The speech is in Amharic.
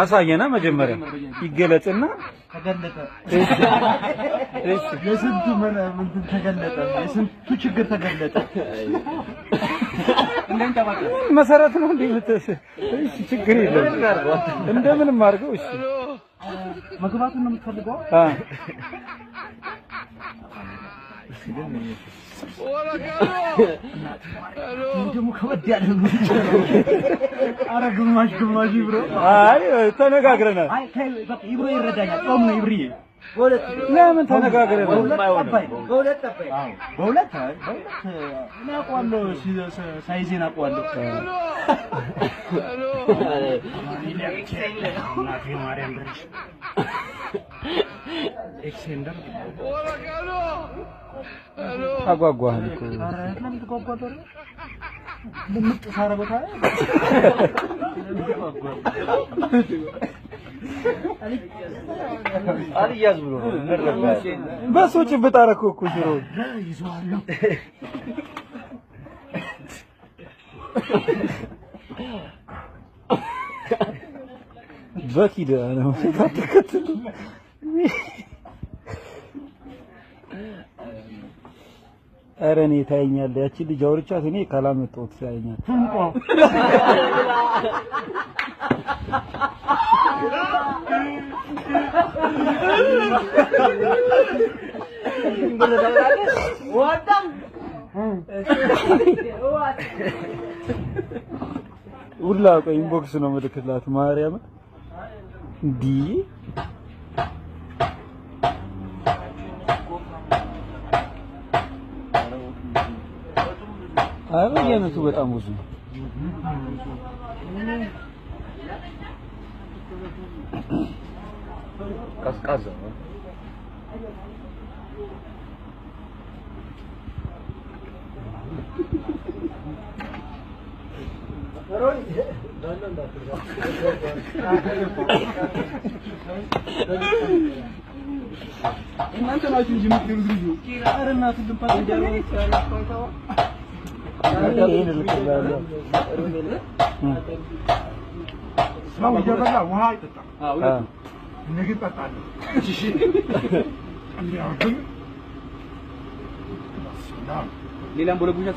አሳየና መጀመሪያ ይገለጽና ተገለጠ። የስንቱ ምንድን ተገለጠ? የስንቱ ችግር ተገለጠ። መሰረት ነው እንዴ? እሺ፣ ችግር የለም እንደምንም አድርገው። እሺ፣ መግባቱን ነው የምትፈልገው? ግማሽ ግማሽ ይብሮ። አይ ተነጋግረናል። አይ ይብሮ ይረዳኛል። ጾም ነው ይብርዬ በሁለት ለምን ተነጋግረን ነው? በሁለት ጠባይ በሁለት አውቀዋለሁ፣ ሳይዜን አውቀዋለሁ። ማርያም ታጓጓህን እኮ አልያዝ ብሎ በሱ ጭብጥ አደረኩህ እኮ ጆሮ በኪድ ነው ተከትሎ ኧረ እኔ ታየኛለህ፣ ያቺ ልጅ አውርቻት እኔ ካላመጣሁት ታየኛለህ። እንኳ ሁላ ቆይ ኢንቦክስ ነው ምልክላት ማርያም እንዲህ አረጀነቱ በጣም ብዙ ቀዝቃዛ ነው። እናንተ ናችሁ እንጂ የምትሉት ልጁ ኧረ እናቱን ልንፋት እንጃ ሰው እየበላ ውሃ አይጠጣም። ምግብ እጠጣለሁ። ሌላም ቦለጉኛ